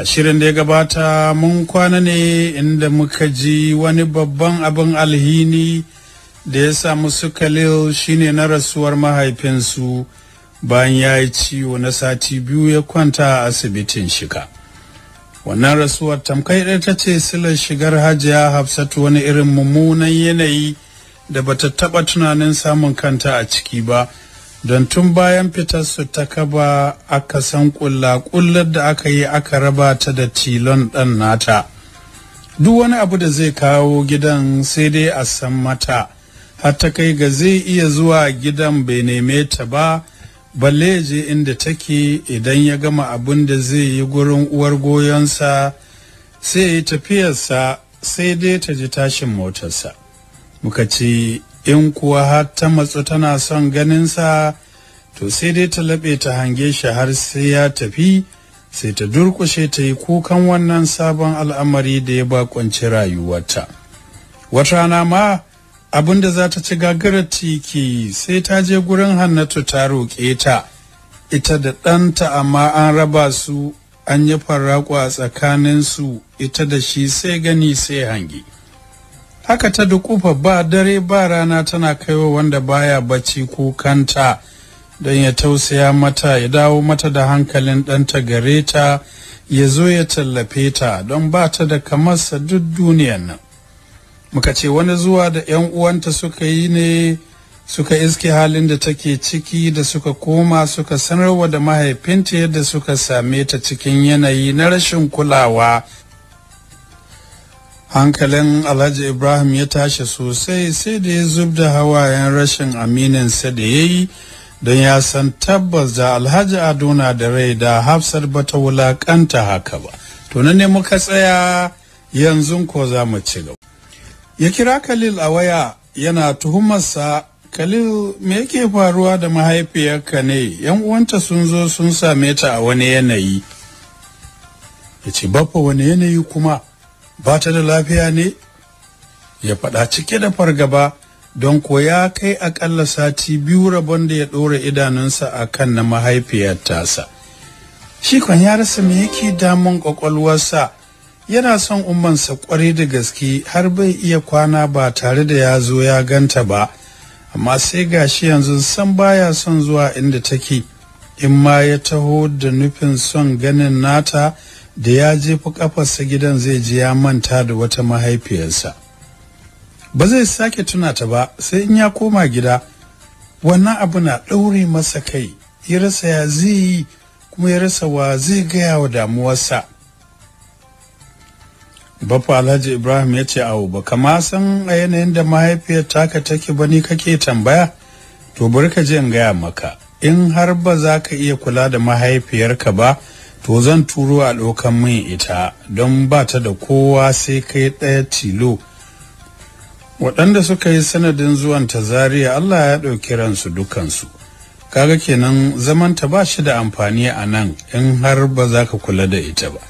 a shirin da ya gabata mun kwana ne inda muka ji wani babban abin alhini da ya samu su khalil shine na rasuwar mahaifinsu bayan ya yi ciwo na sati biyu ya kwanta a asibitin shiga. wannan rasuwar tamkai ɗaya ta ce silar shigar hajiya hafsat wani irin mummunan yanayi da bata taɓa tunanin samun kanta a ciki ba don tun bayan fitar su ta kaba aka san kulla kullar da aka yi aka raba ta da tilon ɗan nata duk wani abu da zai kawo gidan sai dai a san mata har ta kai ga zai iya zuwa gidan bai neme ta ba balle je inda take idan ya gama abun da zai yi gurin uwar goyonsa sai ya tafiyarsa sai dai ta ji tashin motarsa muka ce in kuwa har ta matsu tana son ganinsa to sai dai ta laɓe ta hange shi har sai ya tafi sai ta durƙushe ta yi kukan wannan sabon al'amari da ya bakonci rayuwarta wata rana ma abin da za ta ci gagarar tiki sai ta je gurin hannatu ta roƙe ta ita da ɗanta amma an raba su an yi farraƙo a tsakaninsu ita da shi sai gani sai hange. haka ta dukufa ba dare ba rana tana kaiwa wanda baya bacci kukanta don ya tausaya mata ya dawo mata da hankalin ɗanta gare ta ya zo ya tallafe ta don ba ta da kamarsa duk duniyan nan muka ce wani zuwa da 'yan uwanta suka yi ne suka iske halin da take ciki da suka koma suka sanarwa da mahaifinta yadda suka same ta cikin yanayi na rashin kulawa hankalin alhaji ibrahim ya tashi sosai sai da ya zub da hawayen rashin amininsa da ya yi don ya san tabbas da alhaji aduna da rai da hafsar bata ta wulakanta haka ba to ne muka tsaya yanzu ko za mu ci gaba ya kira khalil a waya yana tuhumarsa khalil me yake faruwa da mahaifiyarka ne yan uwanta sun zo sun same ta a wani yanayi ya ce bafa wani yanayi kuma Bata da lafiya ne ya faɗa cike da fargaba don ko ya kai akalla sati biyu rabon da ya ɗora idanunsa a kan na mahaifiyar tasa shi kan ya rasa me yake damun ƙwaƙwalwarsa yana son ummansa ƙwarai da gaske har bai iya kwana ba tare da ya zo ya ganta ba amma sai gashi yanzu san baya son zuwa inda take in ma ya taho da nufin son ganin nata da ya je jefa kafarsa gidan zai je ya manta da wata mahaifiyarsa ba zai sake tuna ta ba sai in ya koma gida wannan abu na ɗaure masa kai ya rasa ya zai kuma ya rasa wa zai gaya wa damuwarsa Bafa Alhaji Ibrahim ya ce awo ba kama san a yanayin da mahaifiyar taka take bane kake tambaya to bari ka je in gaya maka in har ba za ka iya kula da mahaifiyarka ba to zan turo a ɗaukan min ita don ba ta da kowa sai kai ɗaya tilo waɗanda suka yi sanadin zuwan ta zariya allah ya ɗauki ransu dukansu kaga kenan zaman ta ba shi da amfani a nan in har ba za ka kula da ita ba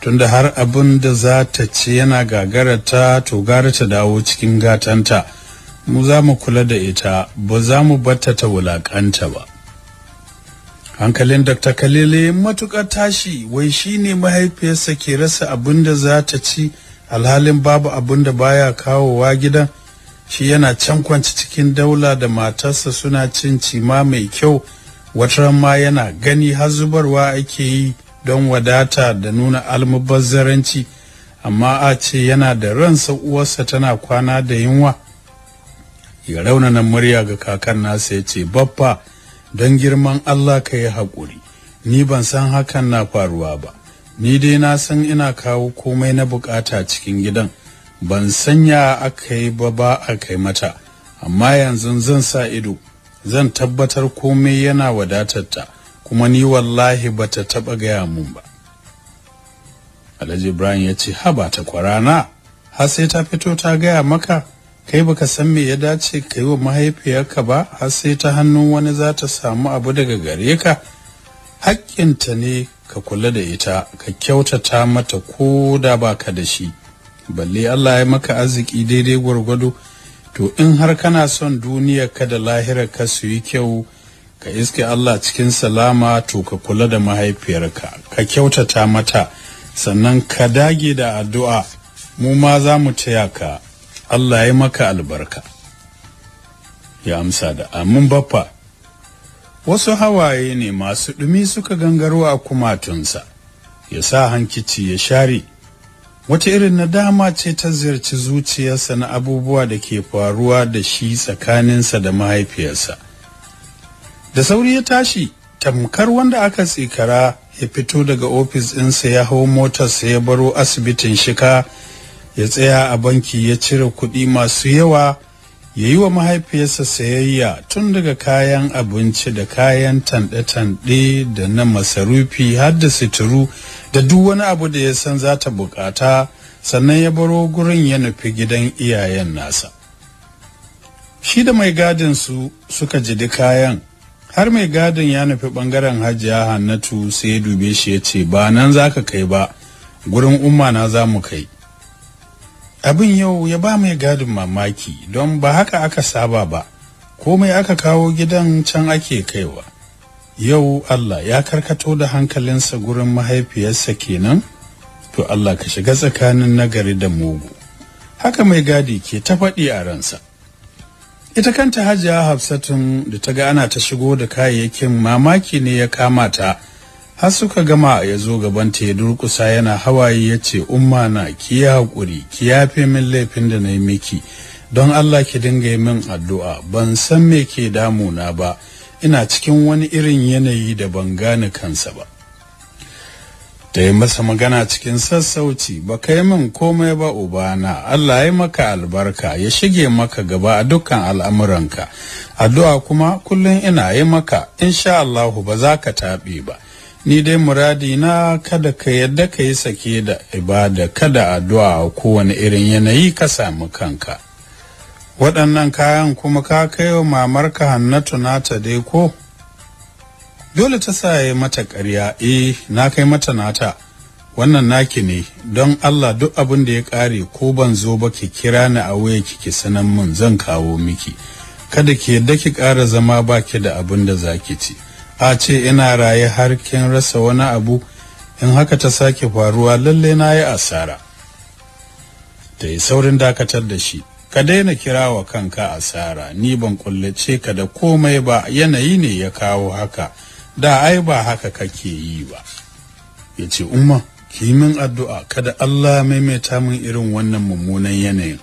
tunda har abin da za ta ce yana gagarata to gara ta dawo cikin gatanta mu za mu kula da ita ba za mu batta ta wulakanta ba hankalin dr kalele matuƙar tashi wai shine mahaifiyarsa ke rasa abin da za ta ci alhalin babu abin da baya kawowa gidan shi yana can kwanci cikin daula da matarsa suna cin cima mai kyau Wata ma yana gani har zubarwa ake yi don wadata da nuna almubazzaranci amma a ce yana da ransa uwarsa tana kwana da yunwa ya raunana murya ga kakan nasa ya ce babba. don girman Allah ka yi haƙuri ni ban san hakan na faruwa ba ni dai na san ina kawo komai na bukata cikin gidan ban sanya aka yi ba ba a kai mata amma yanzu zan sa ido zan tabbatar komai yana wadatarta kuma ni wallahi ba ta taɓa gaya mun ba alhaji ibrahim ya ce haba ta kwarana har sai ta fito ta gaya maka kai baka san me ya dace ka yi wa mahaifiyarka ba har sai ta hannun wani za ta samu abu daga gare ka hakkinta ne ka kula da ita ka kyautata mata ko da baka da shi balle Allah ya maka arziki daidai gwargwado to in har kana son duniya ka da lahirar ka su yi kyau ka iske Allah cikin salama to ka kula da mahaifiyarka ka kyautata mata sannan ka dage da addu'a mu ma za mu taya ka Allah ya maka albarka ya amsa da amin baffa wasu hawaye ne masu dumi suka gangaro a kumatunsa ya sa hankici ya share wata irin nadama ce ta ziyarci zuciyarsa na abubuwa da ke faruwa da shi tsakaninsa da mahaifiyarsa da sauri ya tashi tamkar wanda aka tsikara ya fito daga ofis ɗinsa ya hau motarsa ya baro asibitin shika ya tsaya a banki ya cire kuɗi masu yawa ya yi wa mahaifiyarsa sayayya tun daga kayan abinci da kayan tanɗe-tanɗe da na masarufi har da situru da duk wani abu da ya san za ta bukata sannan ya baro gurin ya nufi gidan iyayen nasa shi da mai gadin su suka jidi kayan har mai gadin ya nufi bangaren hajiya hannatu sai ya dube shi ya ce ba nan za ka kai ba gurin umma na za mu kai abin yau ya ba mai gadin mamaki don ba haka aka saba ba komai aka kawo gidan can ake kaiwa yau Allah ya karkato da hankalinsa gurin mahaifiyarsa kenan to Allah ka shiga tsakanin nagari da mugu haka mai gadi ke ta faɗi a ransa ita kanta hajiya hafsatun da ta ga ana ta shigo da kayayyakin mamaki ne ya kama ta har suka gama ya zo ta ya durkusa yana hawaye ya ce umma na ki yi haƙuri ki yafe min laifin da na yi miki don Allah ki dinga yi min addu'a ban san me ke damuna ba ina cikin wani irin yanayi da ban gane kansa ba ta yi masa magana cikin sassauci ba ka yi min komai ba ubana Allah ya maka albarka ya shige maka gaba a dukkan al'amuranka addu'a kuma kullum ina yi maka insha Allahu ba za ka taɓe ba ni dai muradi na kada ka yadda ka yi sake da ibada kada addu'a a kowane irin yanayi ka samu kanka waɗannan kayan kuma ka kai wa mamarka hannatu nata dai ko dole ta sa ya mata karya. eh na kai mata nata wannan naki ne don allah duk abin da ya ƙare ko ban zo ba ki kira ni a waya kiki sanan mun zan kawo miki kada ki yadda ki ƙara zama baki da abin da za ki ci a ce ina raye har kin rasa wani abu in haka ta sake faruwa lalle na yi asara ta yi saurin dakatar da shi ka daina kira wa kanka asara ni ban kullace ka da komai ba yanayi ne ya kawo haka da ai ba haka kake yi ba ya ce umma ki min addu'a kada Allah maimaita min irin wannan mummunan yanayin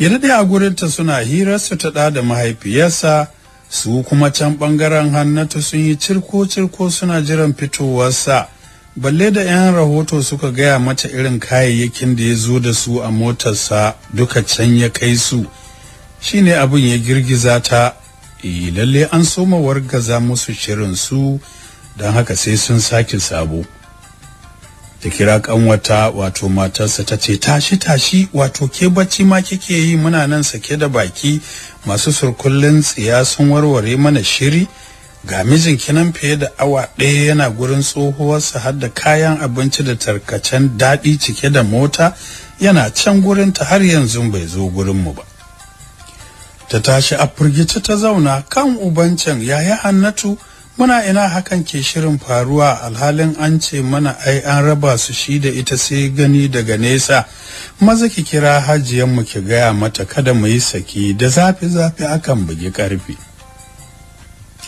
yana daɗe a gurinta suna hirarsu ta ɗa da mahaifiyarsa su kuma can bangaren hannatu sun yi cirko-cirko suna jiran fitowarsa balle da 'yan rahoto suka gaya mata irin kayayyakin da ya zo da su a motarsa duka can ya kai su shine abin ya girgiza ta e, lalle an soma wargaza musu shirin su don haka sai sun sake sabo Da kira kanwata wato matarsa ta ce tashi tashi wato ke bacci ma kike yi muna nan sake da baki masu surkullin tsiya sun warware mana shiri ga mijin kinan fiye da awa ɗaya yana gurin tsohuwarsa har da kayan abinci da tarkacen daɗi cike da mota yana can gurinta har yanzu bai zo gurin mu ba ta tashi a firgice ta zauna kan ubancin yaya hannatu muna ina hakan ke shirin faruwa alhalin an ce mana ai an raba su shi da ita sai gani daga nesa maza ki kira hajiyanmu ki gaya mata kada mu yi saki da zafi-zafi akan bugi karfi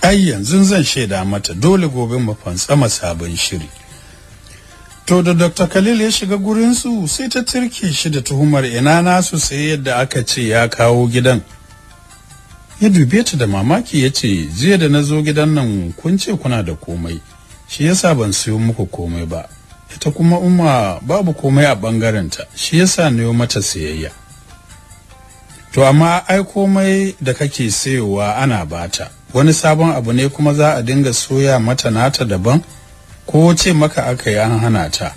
ai yanzu zan shaida mata dole gobe mu fantsama sabon shiri to da dr khalil ya shiga gurin su, sai ta tirke shi da tuhumar ina nasu sai yadda aka ce ya kawo gidan ya dube ta da mamaki ya ce jiya da na zo gidan nan kun ce kuna da komai shi yasa ban siyo muku komai ba ita kuma umma babu komai a bangarenta shi yasa yi mata siyayya to amma ai komai da kake sayowa ana bata wani sabon abu ne kuma za a dinga soya mata nata daban ko ce maka aka yi an hana ta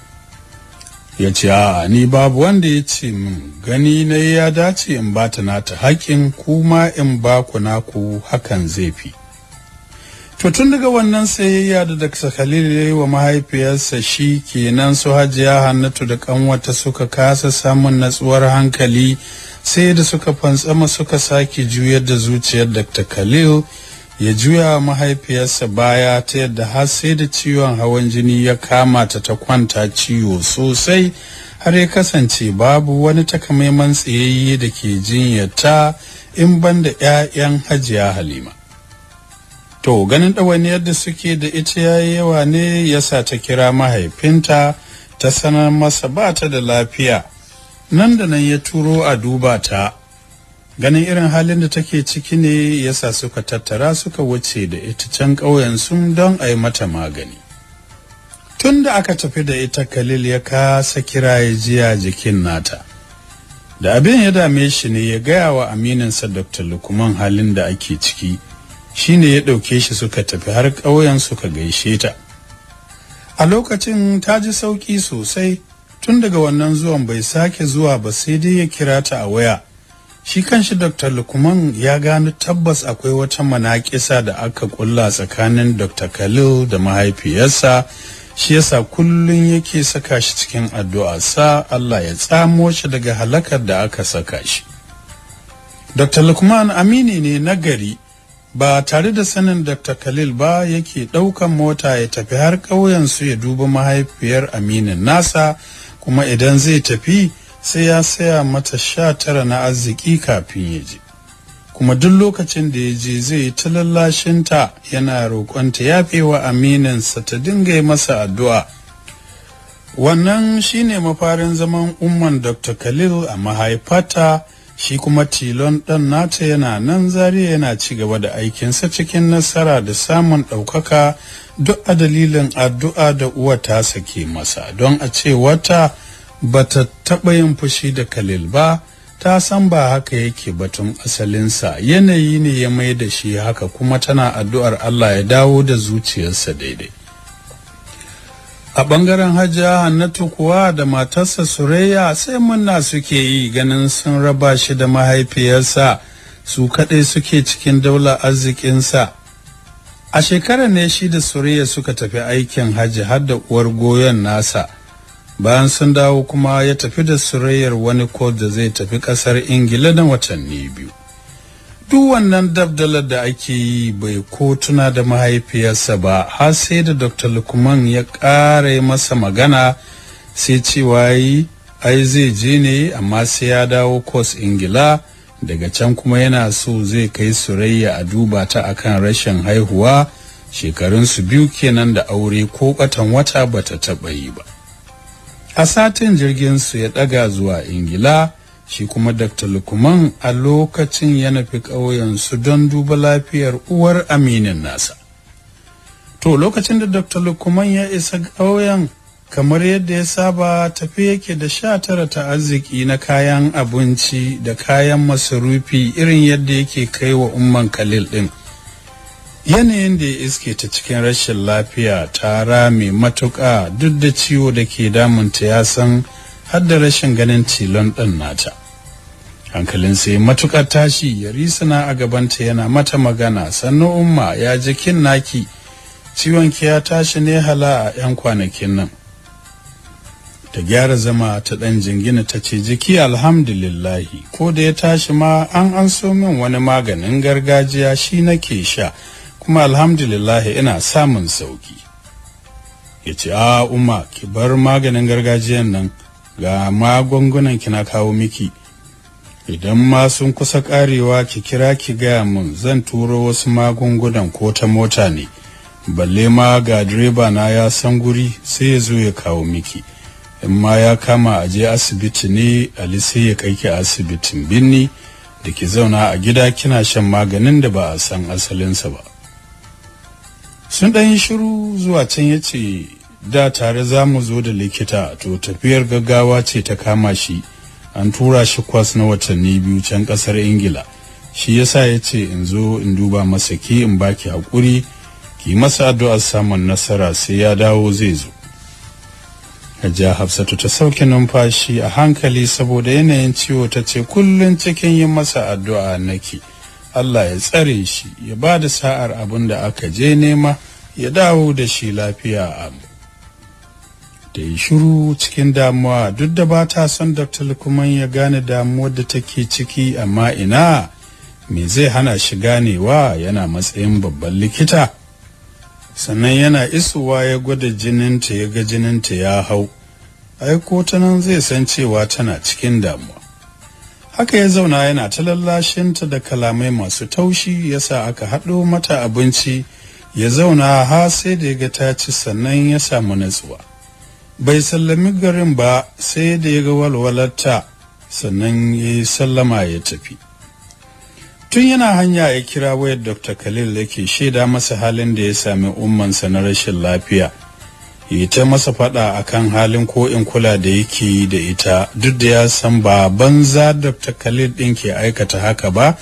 ya ce a ni babu wanda ya ce min gani na ya dace in ba ta nata haƙin kuma in ba ku naku hakan zai fi to tun daga wannan sayayya da Dr. Khalil ya yi wa mahaifiyarsa shi kenan su hajiya Hannatu da kanwata suka kasa samun natsuwar hankali sai da suka fantsama suka sake juyar da zuciyar Dr. Khalil ya juya mahaifiyarsa baya ta yadda har sai da ciwon hawan jini ya kama ta ta kwanta ciwo sosai har ya kasance babu wani takamaiman tsayayye da ke jinyata in banda 'ya'yan hajiya halima to ganin ɗawainiyar yadda suke da ita ya yi yawa ne ya sa ta kira mahaifinta ta sanar masa ba ta da lafiya nan da nan ya turo a duba ta ganin irin halin da take ciki ne yasa suka tattara suka wuce da ita can ƙauyen sun don a yi mata magani tun da aka tafi da ita khalil ya kasa kira ya jiya jikin nata da abin ya dame shi ne ya gaya wa amininsa dr lukman halin da ake ciki shine ya ɗauke shi suka tafi har ƙauyen suka gaishe ta a lokacin ta ji sauƙi sosai tun daga wannan zuwan bai sake zuwa ba sai dai ya kira ta a waya shi kanshi dr lukman ya gano tabbas akwai wata manakisa da aka kulla tsakanin dr khalil da mahaifiyarsa shi yasa kullum yake saka shi cikin addu'a sa allah ya tsamo shi daga halakar da aka saka shi dr lukman amini ne na gari ba tare da sanin dr khalil ba yake ɗaukan mota ya tafi har ƙauyen su ya duba mahaifiyar aminin nasa kuma idan zai tafi sai ya saya mata sha tara na arziki kafin ya je kuma duk lokacin da ya je zai yi ta lallashinta yana roƙonta ya fewa aminansa ta dinga yi masa addu'a wannan shine mafarin zaman umman dr khalil a mahaifata shi kuma tilon ɗan nata yana nan zariya yana ci gaba da aikinsa cikin nasara da samun ɗaukaka duk a dalilin addu'a da uwa ta sake masa don a ce wata bata ta taɓa yin fushi da Khalil ba ta san ba haka yake batun asalinsa yanayi ne ya mai da shi haka kuma tana addu'ar Allah ya dawo da zuciyarsa daidai a ɓangaren hajiya hannatu kuwa da matarsa surayya sai munna suke yi ganin sun raba shi da mahaifiyarsa su kaɗai suke cikin daular arzikinsa a shekarar ne shi da surayya suka tafi aikin hajji har da uwar goyon nasa bayan sun dawo kuma ya tafi da surayyar wani kot da zai tafi kasar ingila na watanni biyu duk wannan dabdalar da ake yi bai ko tuna da mahaifiyarsa ba har sai da dr lukman ya ƙara masa magana sai cewa yi ai zai je ne amma sai ya dawo kos ingila daga can kuma yana so zai kai surayya a duba ta akan rashin haihuwa shekarunsu biyu kenan da aure ko watan wata bata taɓa yi ba a satin jirgin su ya daga zuwa ingila shi kuma dr lukman a lokacin ya nufi ƙauyen su don duba lafiyar uwar aminin nasa to lokacin da dr lukman ya isa ƙauyen kamar yadda ya saba tafi yake da sha tara ta arziki na kayan abinci da kayan masarufi irin yadda yake kai wa umman kalil din yanayin da ya iske ta cikin rashin lafiya tara mai matuƙa duk da ciwo da ke damunta ya san har da rashin ganin tilon ɗan nata hankalin sai matuƙar tashi ya risana a gabanta yana mata magana sannu umma ya jikin naki ciwon ki ya tashi ne hala a 'yan kwanakin nan ta gyara zama ta ɗan jingina ta ce jiki alhamdulillahi ko da ya tashi ma an an so min wani maganin gargajiya shi nake sha kuma alhamdulillah ina samun sauki ya ce a umma ki bar maganin gargajiyan nan ga magungunan ki na kawo miki idan ma sun kusa karewa ki kira ki gaya mun zan turo wasu magungunan ko ta mota ne balle ma ga direba na ya san guri sai ya zo ya kawo miki in ma ya kama a je asibiti ne ali sai ya kai ki asibitin binni da ki zauna a gida kina shan maganin da ba a san asalinsa ba sun ɗan shiru zuwa can ya ce da tare za mu zo da likita to tafiyar gaggawa ce ta kama shi an tura shi kwas na watanni biyu can ƙasar ingila shi yasa ya ce in zo in duba masa ki in baki haƙuri ki masa addu'a samun nasara sai ya dawo zai zo Hajiya Hafsatu ta sauke numfashi a hankali saboda yanayin ciwo ta ce kullum cikin yi masa addu'a nake Allah ya tsare shi ya ba da sa'ar abin da aka je nema ya dawo da shi lafiya a da yi shiru cikin damuwa duk da ba ta son Dr. Lukman ya gane damuwar da take ciki amma ina me zai hana shi ganewa yana matsayin babban likita sannan yana isowa ya gwada jininta ya ga jininta ya hau aiko ta nan zai san cewa tana cikin damuwa haka ya zauna yana ta lallashinta da kalamai masu taushi yasa aka haɗo mata abinci ya zauna ha sai da ga ta ci sannan ya samu natsuwa bai sallami garin ba sai da ya ga walwalarta sannan ya yi sallama ya tafi tun yana hanya ya kira wayar dr khalil ke shaida masa halin da ya sami ummansa na rashin lafiya ita masa fada kan halin ko in kula da yake da ita duk da ya san ba banza dr khalid din ke aikata haka ba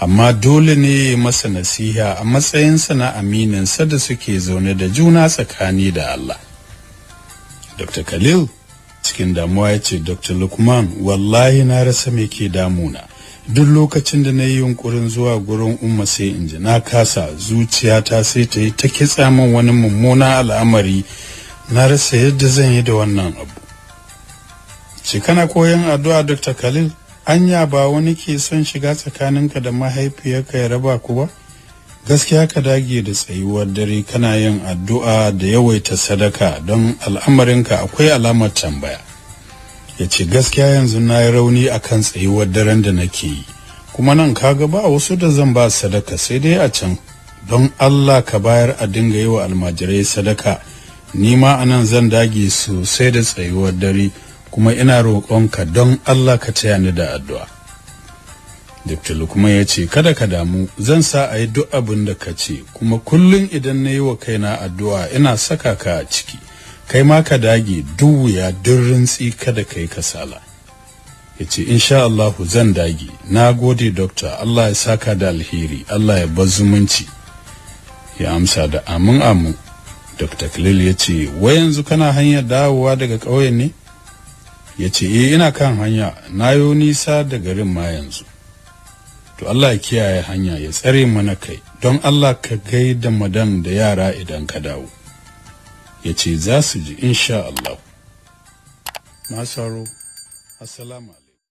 amma dole ne masa nasiha a matsayinsa na aminansa da suke zaune da juna tsakani da allah dr khalil cikin damuwa yace ce dr lukman wallahi na rasa me ke damuna duk lokacin da na yi yunkurin zuwa gurin umma sai in na kasa zuciyata sai ta yi ta kitsa min wani mummunan al'amari na rasa yadda zan yi da wannan abu cikana kana koyon addu'a dr khalil anya ba wani ke son shiga tsakaninka da mahaifiyarka ya raba ku ba gaskiya ka dage da tsayuwar dare kana yin addu'a da yawaita sadaka don al'amarinka akwai alamar tambaya ya ce gaskiya yanzu na yi rauni kan tsayuwar daren da nake yi kuma nan kaga ba wasu da zan ba sadaka sai dai a can don allah ka bayar a dinga yi wa almajirai sadaka ni ma anan zan dage sosai da tsayuwar dare kuma ina roƙonka don Allah ka taya ni da addu'a Diptilu kuma ya ce kada ka damu zan sa a yi duk abin da ka ce kuma kullum idan na yi wa kaina addu'a ina saka ka a ciki kai ma ka dage duk wuya duk rintsi kada ka yi kasala ya ce insha Allahu zan dage na gode dokta Allah ya saka da alheri Allah ya bar zumunci ya amsa da amin amin dr khalil ya ce wai yanzu kana hanyar dawowa daga ƙauyen ne ya ce eh ina kan hanya na yo nisa da garin ma yanzu to allah ya kiyaye hanya ya tsare mana kai don allah ka gaida madan da yara idan ka dawo ya ce za su ji insha allah masaro assalamu